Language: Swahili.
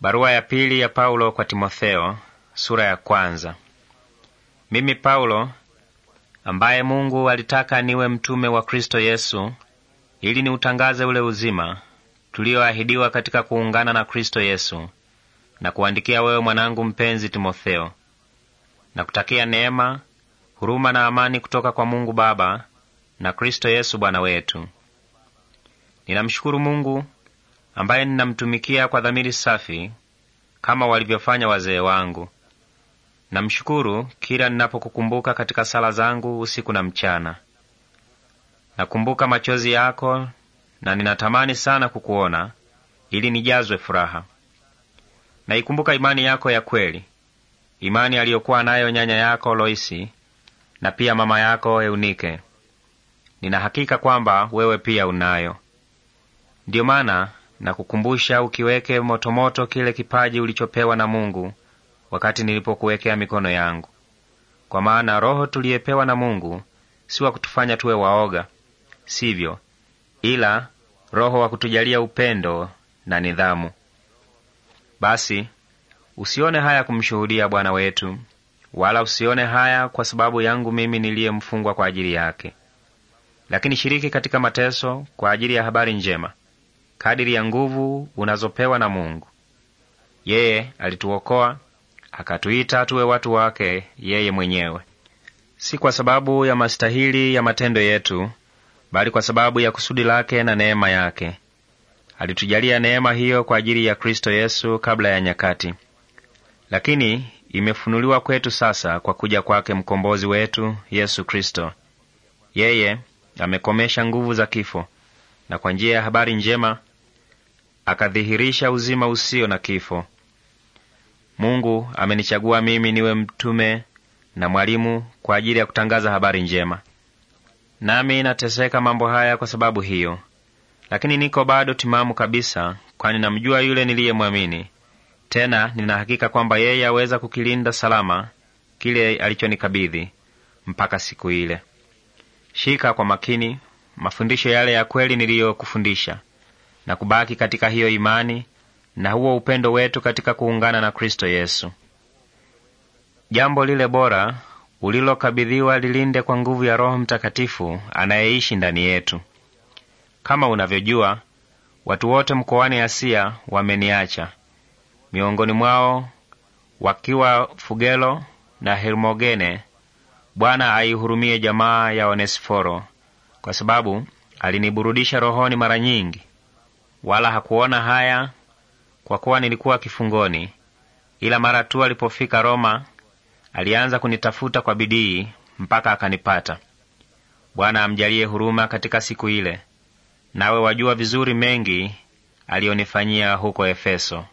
Barua ya pili ya Paulo kwa Timotheo, sura ya kwanza. Mimi Paulo, ambaye Mungu alitaka niwe mtume wa Kristo Yesu ili niutangaze ule uzima tulioahidiwa katika kuungana na Kristo Yesu, na kuandikia wewe mwanangu mpenzi Timotheo, na kutakia neema, huruma na amani kutoka kwa Mungu Baba na Kristo Yesu Bwana wetu. Ninamshukuru Mungu ambaye ninamtumikia kwa dhamiri safi kama walivyofanya wazee wangu. Namshukuru kila ninapokukumbuka katika sala zangu usiku na mchana. Nakumbuka machozi yako na ninatamani sana kukuona ili nijazwe furaha. Naikumbuka imani yako ya kweli, imani aliyokuwa nayo nyanya yako Loisi na pia mama yako Eunike. Ninahakika kwamba wewe pia unayo. Ndiyo maana na kukumbusha ukiweke motomoto kile kipaji ulichopewa na Mungu wakati nilipokuwekea mikono yangu, kwa maana Roho tuliyepewa na Mungu si wa kutufanya tuwe waoga, sivyo, ila Roho wa kutujalia upendo na nidhamu. Basi usione haya kumshuhudia Bwana wetu, wala usione haya kwa sababu yangu mimi niliye mfungwa kwa ajili yake, lakini shiriki katika mateso kwa ajili ya habari njema kadiri ya nguvu unazopewa na Mungu. Yeye alituokoa akatuita tuwe watu wake yeye mwenyewe, si kwa sababu ya mastahili ya matendo yetu, bali kwa sababu ya kusudi lake na neema yake. Alitujalia neema hiyo kwa ajili ya Kristo Yesu kabla ya nyakati, lakini imefunuliwa kwetu sasa kwa kuja kwake mkombozi wetu Yesu Kristo. Yeye amekomesha nguvu za kifo, na kwa njia ya habari njema akadhihirisha uzima usio na kifo. Mungu amenichagua mimi niwe mtume na mwalimu kwa ajili ya kutangaza habari njema, nami nateseka mambo haya kwa sababu hiyo, lakini niko bado timamu kabisa, kwani namjua yule niliyemwamini. Tena ninahakika kwamba yeye aweza kukilinda salama kile alichonikabidhi mpaka siku ile. Shika kwa makini mafundisho yale ya kweli niliyokufundisha, na kubaki katika hiyo imani na huo upendo wetu katika kuungana na Kristo Yesu. Jambo lile bora ulilokabidhiwa lilinde kwa nguvu ya Roho Mtakatifu anayeishi ndani yetu. Kama unavyojua, watu wote mkoani Asia wameniacha, miongoni mwao wakiwa Fugelo na Hermogene. Bwana aihurumie jamaa ya Onesiforo, kwa sababu aliniburudisha rohoni mara nyingi wala hakuona haya, kwa kuwa nilikuwa kifungoni. Ila mara tu alipofika Roma, alianza kunitafuta kwa bidii mpaka akanipata. Bwana amjalie huruma katika siku ile. Nawe wajua vizuri mengi aliyonifanyia huko Efeso.